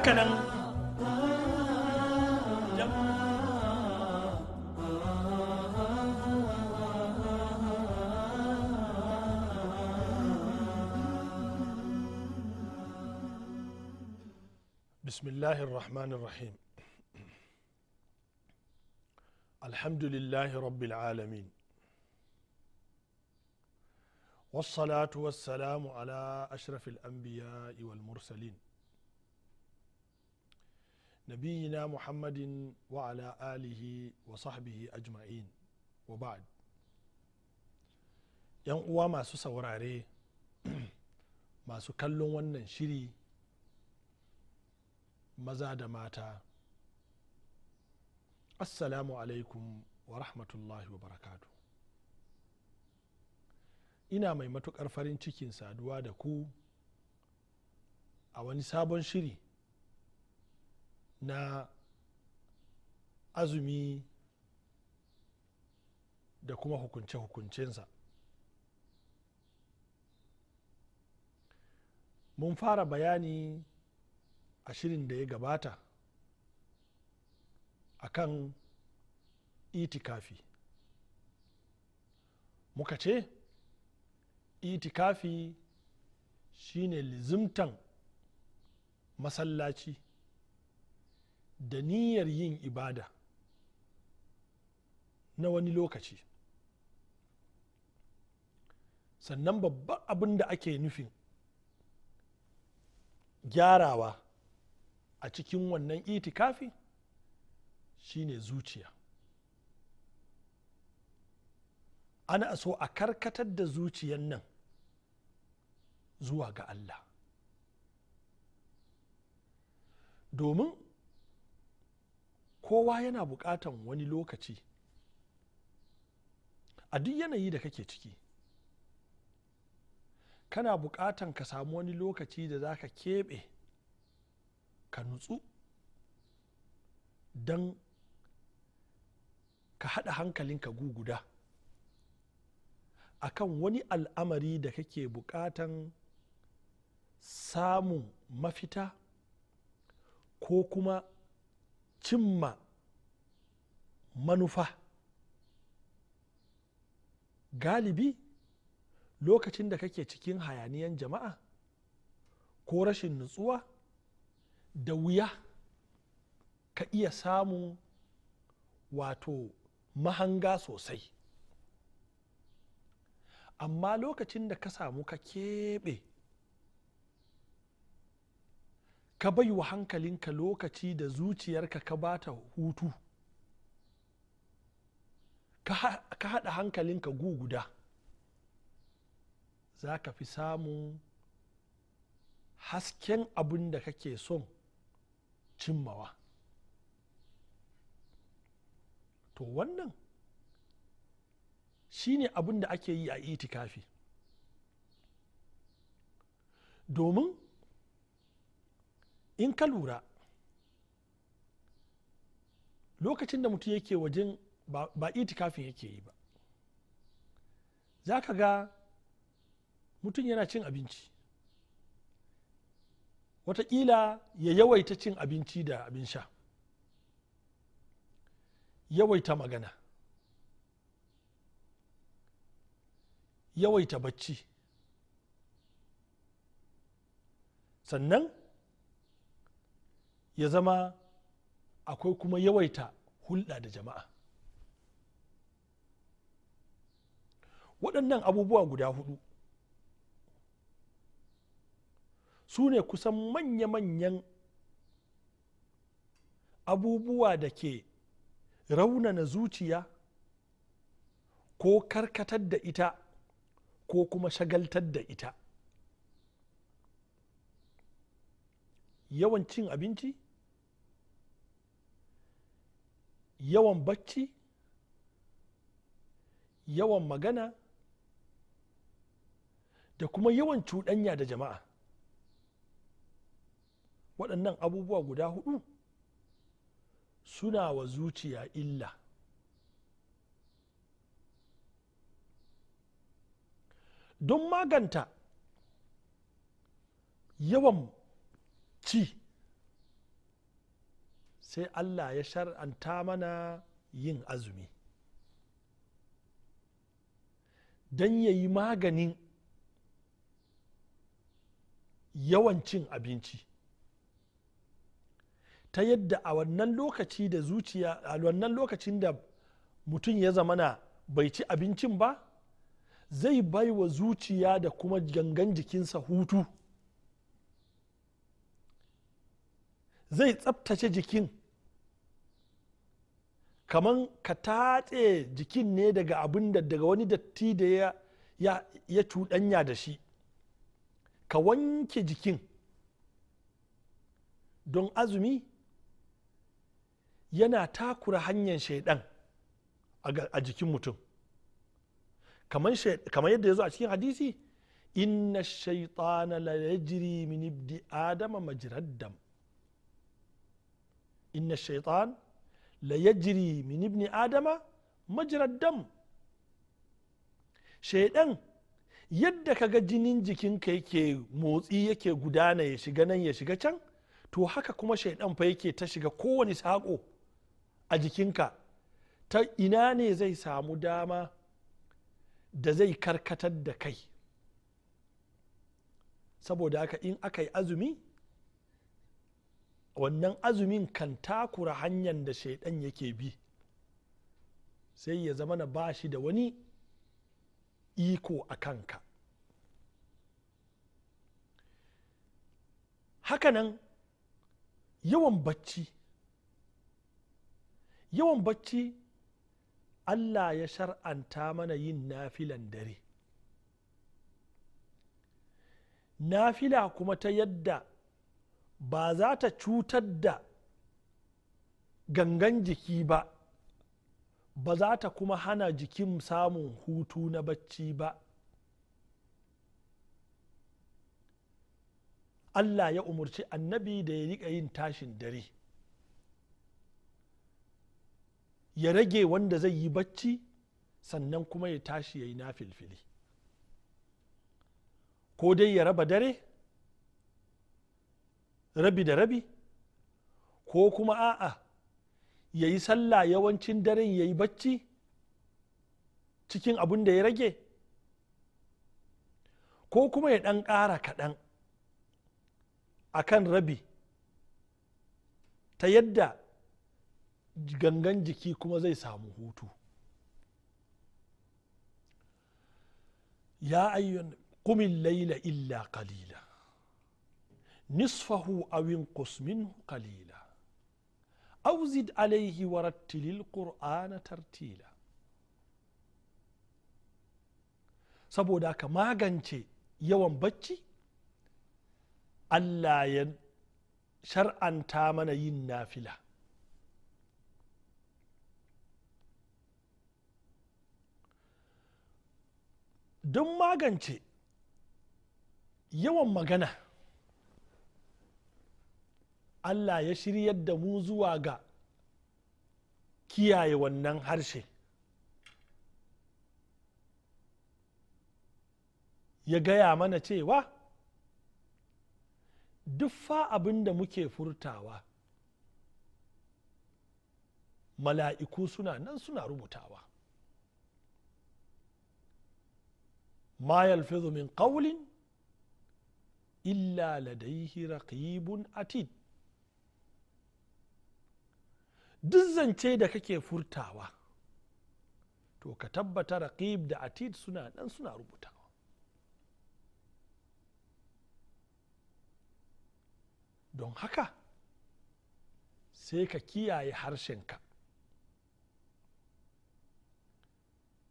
haka nan بسم الله الرحمن الرحيم الحمد لله رب العالمين والصلاة والسلام على أشرف الأنبياء والمرسلين نبينا محمد وعلى آله وصحبه أجمعين وبعد yan uwa masu saurare masu kallon wannan shiri maza da mata assalamu alaikum wa rahmatullahi wa barakatu ina mai matukar farin cikin saduwa da ku a wani sabon shiri na azumi da kuma hukunce-hukuncensa mun fara bayani a shirin da ya gabata akan itikafi muka ce itikafi shine lizimtan masallaci da niyyar yin ibada na wani lokaci sannan babban abin da ake nufin gyarawa a cikin wannan itikafi shine zuciya ana so a karkatar da zuciyan nan zuwa ga allah domin kowa yana buƙatan wani lokaci a duk yanayi da kake ciki kana buƙatan ka samu wani lokaci da za ka keɓe ka nutsu don ka haɗa hankalinka guguda akan wani al'amari da kake buƙatan samun mafita ko kuma cimma manufa galibi lokacin da kake cikin hayaniyan jama'a ko rashin nutsuwa da wuya ka iya samu wato mahanga sosai amma lokacin da ka samu ka keɓe ka bai wa hankalinka lokaci da zuciyarka ka ba ta hutu ka haɗa hankalinka gu guda za ka fi samun hasken abin da kake son cimmawa to wannan shine abin da ake yi a itikafi domin in ka lura lokacin da mutum yake wajen ba itikafin yake yi ba za ka ga mutum yana cin abinci watakila ya yawaita cin abinci da abin sha yawaita magana yawaita bacci sannan ya zama akwai kuma yawaita hulɗa da jama'a waɗannan abubuwa guda hudu su ne kusan manya-manyan abubuwa da ke raunana zuciya ko karkatar da ita ko kuma shagaltar da ita yawan cin abinci yawan bacci yawan magana da kuma yawan cuɗanya da jama'a waɗannan abubuwa guda hudu suna wa zuciya illa don maganta yawan ci sai allah ya shar'anta mana yin azumi don ya yi maganin yawan cin abinci ta yadda a wannan lokaci da zuciya a wannan lokacin da mutum ya zamana bai ci abincin ba zai bai wa zuciya da kuma gangan jikinsa hutu zai tsabtace jikin kaman ka tatse jikin ne daga abin da daga wani datti da ya, ya, ya cuɗanya da shi ka wanke jikin don azumi yana takura hanyar shaidan a jikin mutum kamar yadda ya zo a cikin hadisi inna shaitana la ya min ibdi adama majraddam inna shaitan la min ibni adama majrad dam shaidan yadda kaga jinin jikinka yake motsi yake gudana ya shiga nan ya shiga can to haka kuma shaidan fa yake ta shiga kowane saƙo a jikinka ta ina ne zai samu dama da zai karkatar da kai saboda haka in aka yi azumi wannan azumin kan takura hanyar da shaidan yake bi sai ya zama na ba da wani iko a kanka hakanan yawan bacci yawan bacci allah ya shar'anta mana yin nafilan dare nafila kuma ta yadda ba za ta cutar da gangan jiki ba ba za ta kuma hana jikin samun hutu na bacci ba allah ya umarci annabi da ya riƙa yin tashin dare ya rage wanda zai yi bacci sannan kuma ya tashi ya yi na filfili ko dai ya raba dare rabi da rabi ko kuma a'a ya yi sallah yawancin daren ya yi bacci cikin abin da ya rage ko kuma ya ɗan ƙara kaɗan a kan rabi ta yadda gangan jiki kuma zai samu hutu ya ayyun kumin laila illa qalila nisfahu awin minhu qalila aw zid alayhi warattilil qur'ana tartila saboda ka magance yawan bacci allah ya shar'anta mana yin nafila don magance yawan magana allah ya shiryar da mu zuwa ga kiyaye wannan harshe ya gaya mana cewa duk fa abin da muke furtawa mala'iku suna nan suna rubutawa ma yalfizu min qawlin illa ladaihi raqibun atid duk zance da kake furtawa to ka tabbata raqib da atid suna nan suna rubutawa don haka sai ka kiyaye harshenka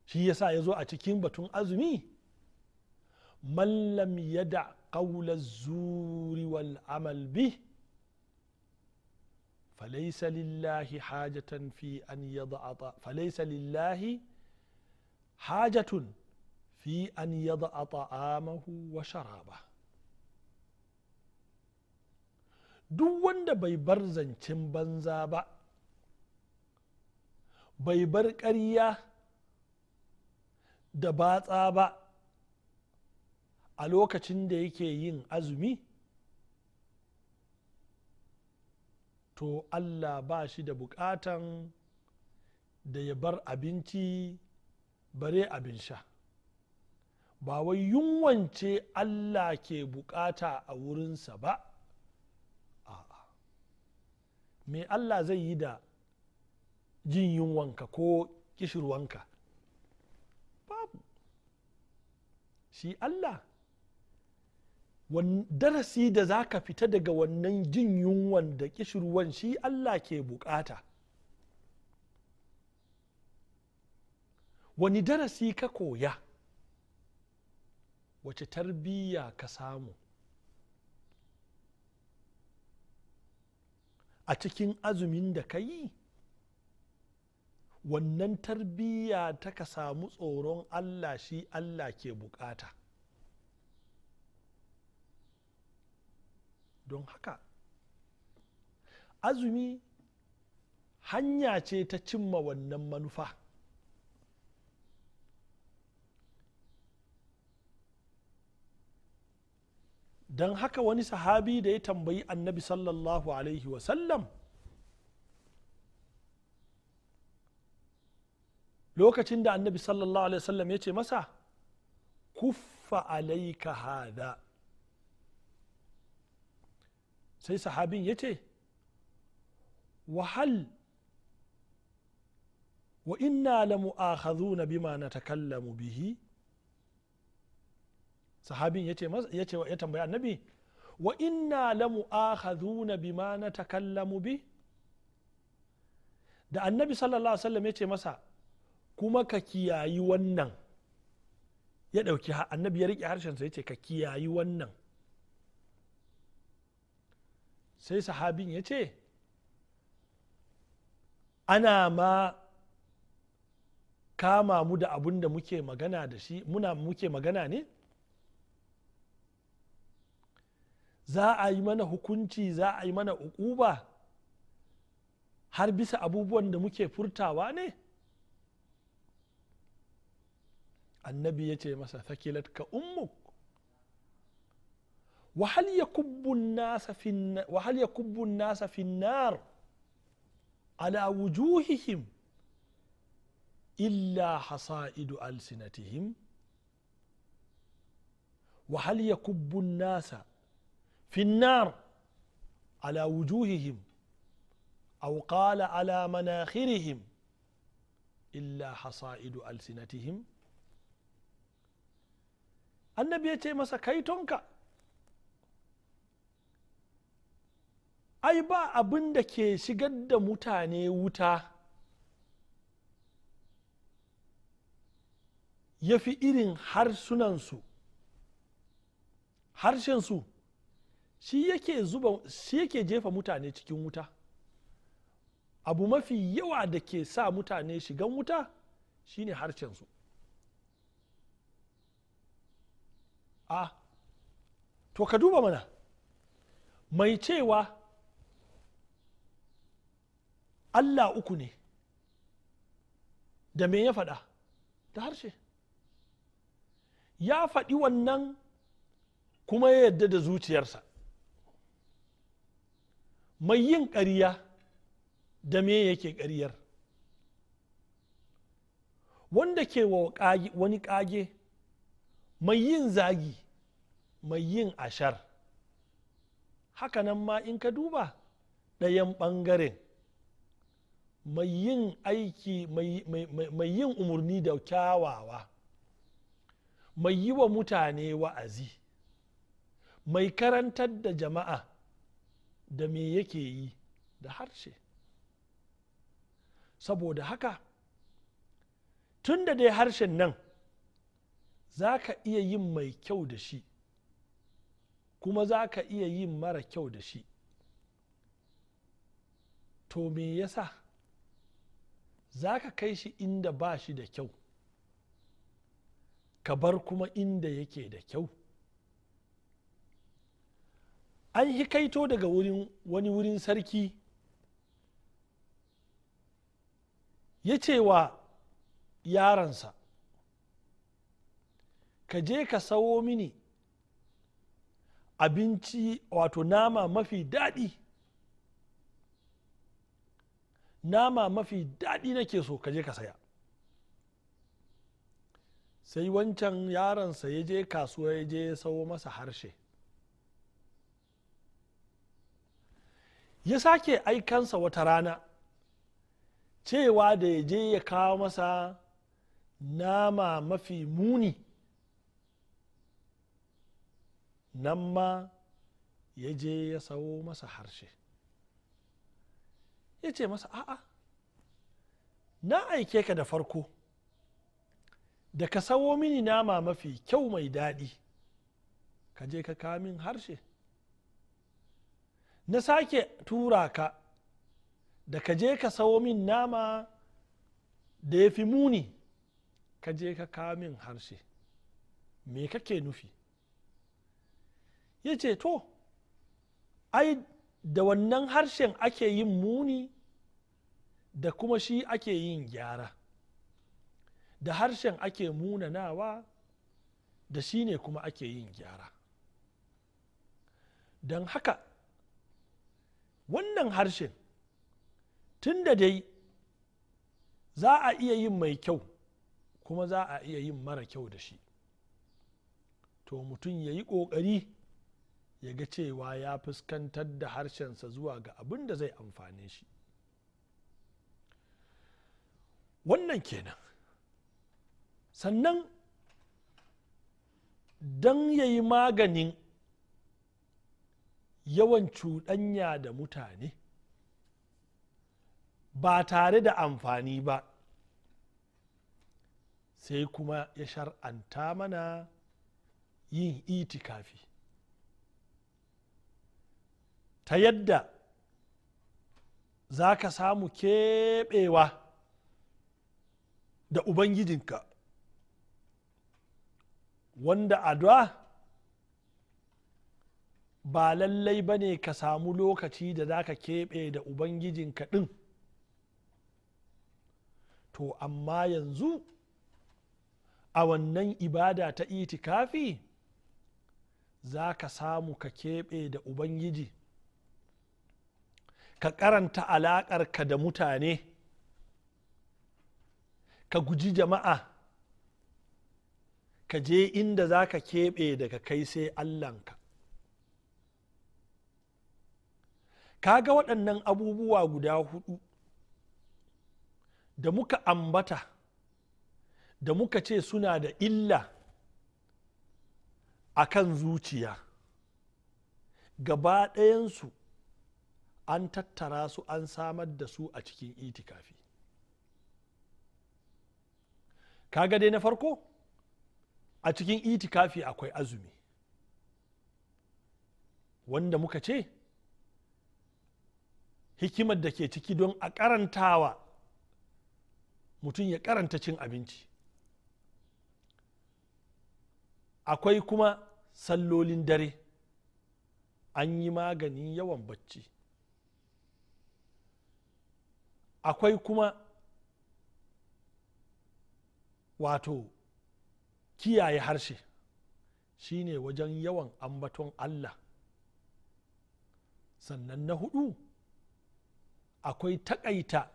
shi yasa ya zo a cikin batun azumi mallam yada qawla zuri wal amal bih فليس لله حاجة في أن يضع فليس لله حاجة في أن يضع طعامه وشرابه duk wanda bai bar zancen banza ba bai bar ƙarya da batsa ba a lokacin da yake yin azumi to allah ba shi da bukatan da ya bar abinci bare abin sha ba wai yunwance allah ke bukata a wurinsa ba a'a me allah zai yi da jin yunwanka ko kishirwanka babu shi allah darasi da za ka fita daga wannan jin yunwan da kishirwan shi allah ke bukata wani darasi ka koya wace tarbiyya ka samu a cikin azumin da ka yi wannan tarbiyya ta ka samu tsoron allah shi allah ke bukata don haka azumi hanya ce ta cimma wannan manufa don haka wani sahabi da ya tambayi annabi sallallahu alaihi wasallam lokacin da annabi sallallahu alaihi wasallam ya ce masa kuffa alaika hada sai sahabin ya ce wahal wa inna la mu'akhadhuna bima natakallamu bihi sahabin yace yace ya tambaya annabi wa inna la mu'akhadhuna bima natakallamu bi da annabi sallallahu alaihi wasallam yace masa kuma ka kiyayi wannan ya dauki annabi ya rike harshen sa yace ka kiyayi wannan sai sahabin ya ce ana ma kama mu da abun da muke magana da shi muna muke magana ne za a yi mana hukunci za a yi mana ukuba har bisa abubuwan da muke furtawa ne annabi ya ce masa thakilat ka ummuk وهل يكب الناس في وهل يكب الناس في النار على وجوههم إلا حصائد ألسنتهم وهل يكب الناس في النار على وجوههم أو قال على مناخرهم إلا حصائد ألسنتهم النبي يتي مسا كيتونك ai ba abin da ke shigar da mutane wuta ya fi irin harsunansu harshensu shi yake zuba shi yake jefa mutane cikin wuta abu mafi yawa da ke sa mutane shigan wuta shine harshensu a ah, to ka duba mana mai cewa allah uku ne da me ya faɗa ta harshe ya faɗi wannan kuma ya yadda da zuciyarsa mai yin ƙarya da me yake ƙaryar wanda ke wa wani ƙage mai yin zagi mai yin ashar hakanan ma in ka duba ɗayan ɓangaren mai yin aiki mai yin umarni da kyawawa mai yi wa mutane wa'azi mai karantar da jama'a da me yake yi da harshe saboda haka tun da dai harshen nan za ka iya yin mai kyau da shi kuma za ka iya yin mara kyau da shi to me yasa za ka kai shi inda ba shi da kyau ka bar kuma inda yake da kyau an yi kaito daga wurin wani wurin sarki ya ce wa yaransa ka je ka sawo mini abinci wato nama mafi daɗi nama mafi daɗi nake so ka je ka saya sai wancan yaronsa ya je kasuwa ya je sawo masa harshe ya sake aikansa wata rana cewa da ya je ya kawo masa nama mafi muni nan ma ya je ya sawo masa harshe ya ce masa a'a na aike ka da farko da ka sawo mini nama mafi kyau mai daɗi ka je ka kamin harshe na sake tura ka da ka je ka sawo min nama da ya fi muni ka je ka kamin harshe me kake nufi ya ce to ai da wannan harshen ake yin muni da kuma shi ake yin gyara da harshen ake muna nawa da shi ne kuma ake yin gyara don haka wannan harshen tun da dai za a iya yin mai kyau kuma za a iya yin mara kyau da shi to mutum ya yi ƙoƙari ya ga cewa ya fuskantar da harshensa zuwa ga abin da zai amfane shi wannan kenan sannan don ya yi maganin yawan cuɗanya da mutane ba tare da amfani ba sai kuma ya shar'anta mana yin itikafi ta yadda za ka samu keɓewa da ubangijinka wanda addu'a ba lallai ba ne ka samu lokaci da za ka keɓe da ubangijinka ɗin to amma yanzu a wannan ibada ta itikafi za ka samu ka keɓe da ubangiji ka karanta alaƙarka da mutane ka guji jama'a ka je inda za ka keɓe daga kai sai allanka ka ga waɗannan abubuwa guda hudu da muka ambata da muka ce suna da illa a kan zuciya gaba ɗayansu an tattara su an samar da su a cikin itikafi kaga dai na farko a cikin itikafi akwai azumi wanda muka ce hikimar da ke ciki don a karantawa mutum ya karanta cin abinci akwai kuma sallolin dare an yi maganin yawan bacci akwai kuma wato kiyaye harshe shine wajen yawan ambaton allah sannan na hudu akwai takaita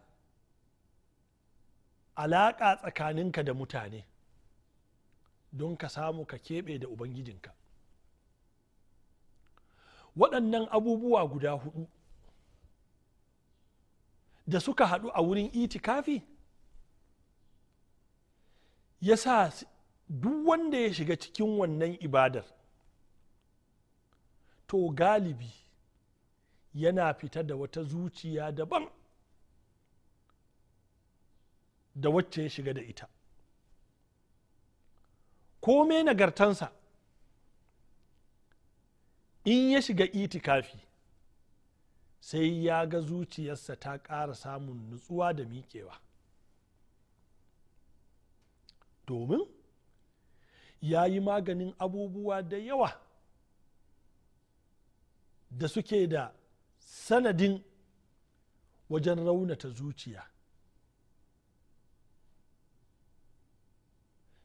alaƙa tsakaninka da mutane don ka samu ka keɓe da ubangijinka waɗannan abubuwa guda hudu da suka haɗu a wurin itikafi ya sa duk wanda ya shiga cikin wannan ibadar to galibi yana fita da wata zuciya daban da wacce ya shiga da ita komai nagartansa in ya shiga itikafi sai ya ga zuciyarsa ta ƙara samun nutsuwa da miƙewa domin ya yi maganin abubuwa da yawa da suke da sanadin wajen raunata zuciya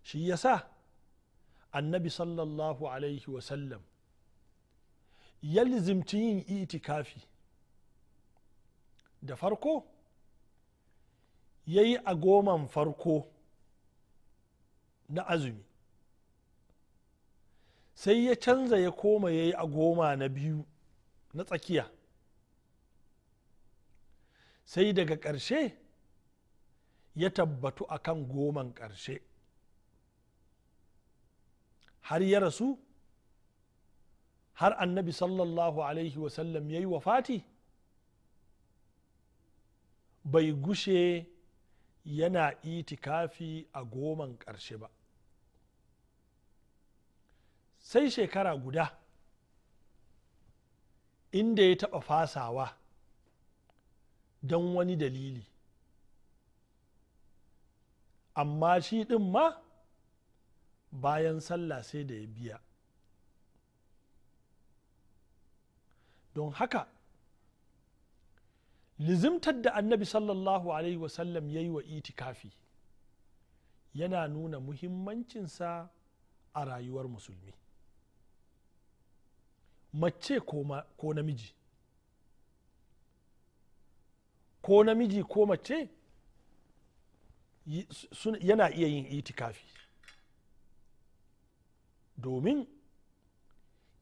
shi ya sa annabi sallallahu alaihi wasallam ya lizimci yin itikafi da farko ya yi a goman farko na azumi sai ya canza ya koma ya yi a goma na biyu na tsakiya sai daga ƙarshe ya tabbatu a kan goman ƙarshe har ya rasu har annabi sallallahu alaihi wasallam ya yi wa fati bai gushe yana itikafi a goman ƙarshe ba sai shekara guda inda ya taɓa fasawa don wani dalili amma shi ɗin ma bayan sallah sai da ya biya don haka lizimtar da annabi sallallahu alaihi wasallam ya yi wa itikafi yana nuna muhimmancinsa a rayuwar musulmi mace ko namiji ko namiji ko mace yana iya yin itikafi domin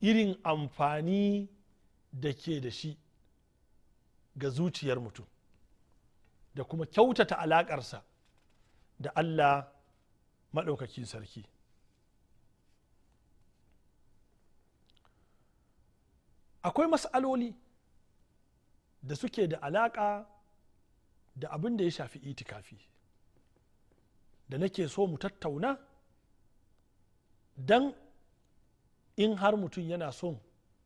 irin amfani da ke da shi ga zuciyar mutum da kuma kyautata alaƙarsa da allah maɗaukakin sarki akwai matsaloli da suke da alaƙa da abin da ya shafi itikafi da nake so mu tattauna don in har mutum yana son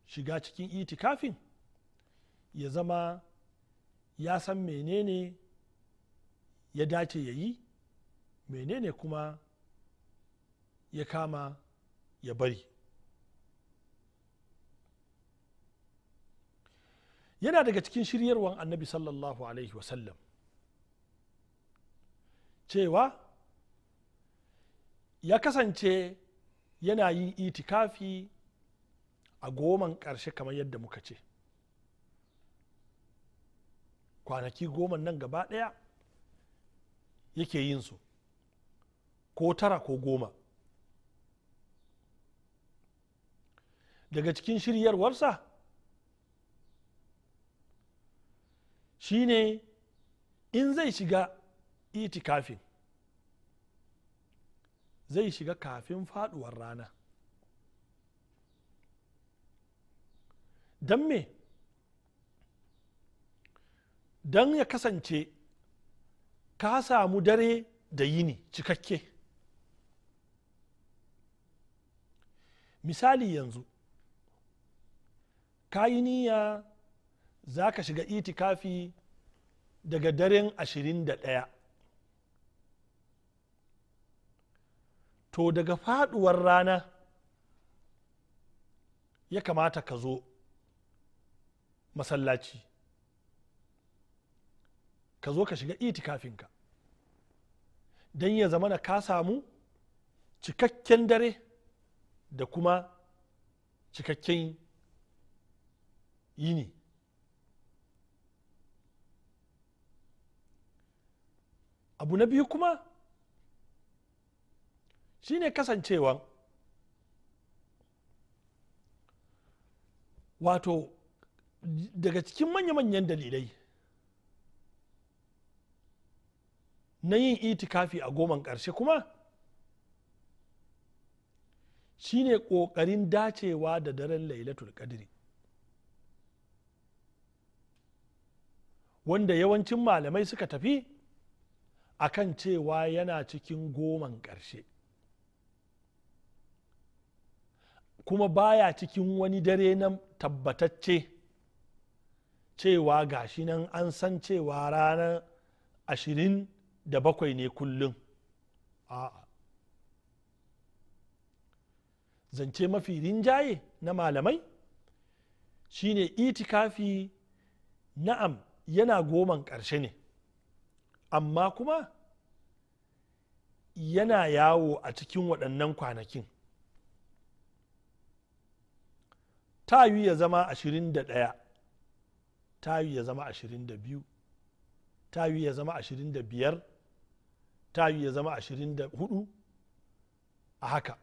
shiga cikin itikafin ya zama ya san menene ya dace ya yi menene kuma ya kama ya bari yana daga cikin shiryarwan annabi sallallahu alaihi wasallam cewa ya kasance yana yin itikafi a goman karshe kamar yadda muka ce kwanaki goma nan gaba ɗaya yake yin su ko tara ko goma daga cikin shiryarwarsa ne in zai shiga itikafin zai shiga kafin faduwar rana don me don ya kasance ka samu dare da yini cikakke misali yanzu ka yi niyya za ka shiga itikafi daga daren 21 to daga faduwar rana ya kamata ka zo masallaci ka zo ka shiga itikafinka don ya zamana ka samu cikakken dare da kuma cikakken yini abu na biyu kuma shine kasancewa wato daga cikin manya-manyan dalilai na yin itikafi a goman ƙarshe kuma shine ƙoƙarin dacewa da daren lailatul qadri wanda yawancin malamai suka tafi a kan cewa yana cikin goman ƙarshe kuma baya cikin wani dare na tabbatacce cewa gashi nan an san cewa ranar ashirin da bakwai ne kullum a'a zance mafi rinjaye na malamai shine itikafi na'am yana goman ƙarshe ne amma kuma yana yawo a cikin waɗannan kwanakin Ta yi ya zama ashirin da ɗaya ya zama ashirin da biyu ya zama ashirin biyar ta ya zama 24 a haka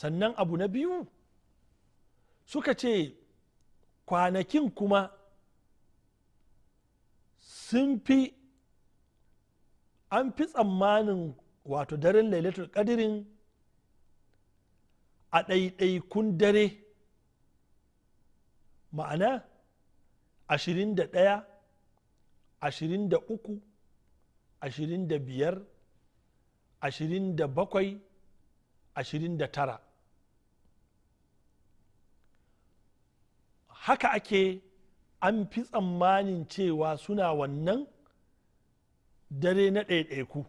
sannan abu na biyu suka ce kwanakin kuma sun fi an fi tsammanin wato daren lailatul kadirin a ɗaiɗaikun dare ma'ana 21 23 ashirin da biyar ashirin da bakwai ashirin da tara haka ake an fi tsammanin cewa suna wannan dare na ɗaiɗaiku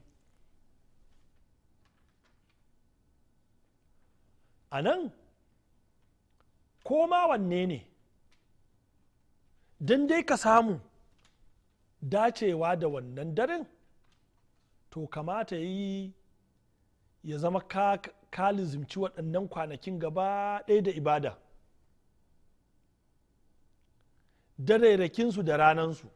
a nan koma wanne ne don dai ka samu dacewa da wannan daren to kamata yi ya zama ka, waɗannan kwanakin gaba ɗaya da ibada darairakinsu da ranansu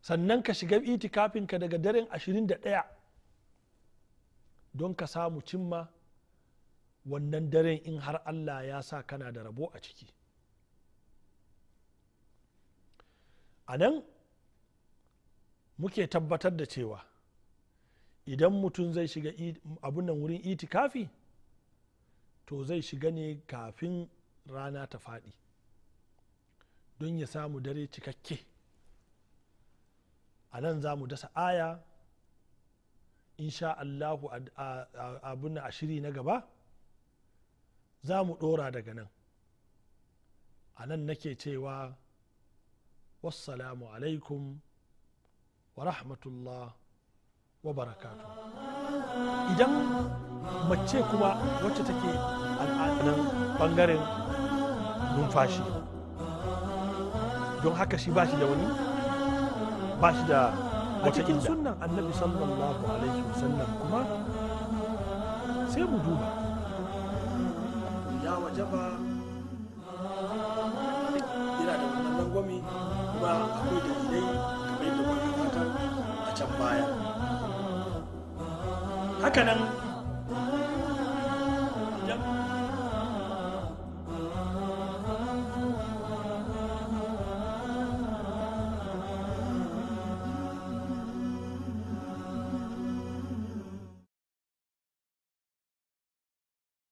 sannan ka shiga itikafinka daga daren 21 don ka samu cimma wannan daren in har allah ya sa kana da rabo a ciki a nan muke tabbatar da cewa idan mutum zai shiga abun nan wurin itikafi to zai shiga ne kafin rana ta faɗi don ya samu dare cikakke a nan za mu dasa aya insha allahu abun a ashiri na gaba za mu ɗora daga nan a nan nake cewa wassalamu alaikum wa rahmatullah wa barakatu idan mace kuma wacce take al'adunan bangaren numfashi don haka shi ba shi da wani ba shi da a cikin sunan annabi sallallahu alaihi wasallam kuma sai mu duba ya wajaba baya nan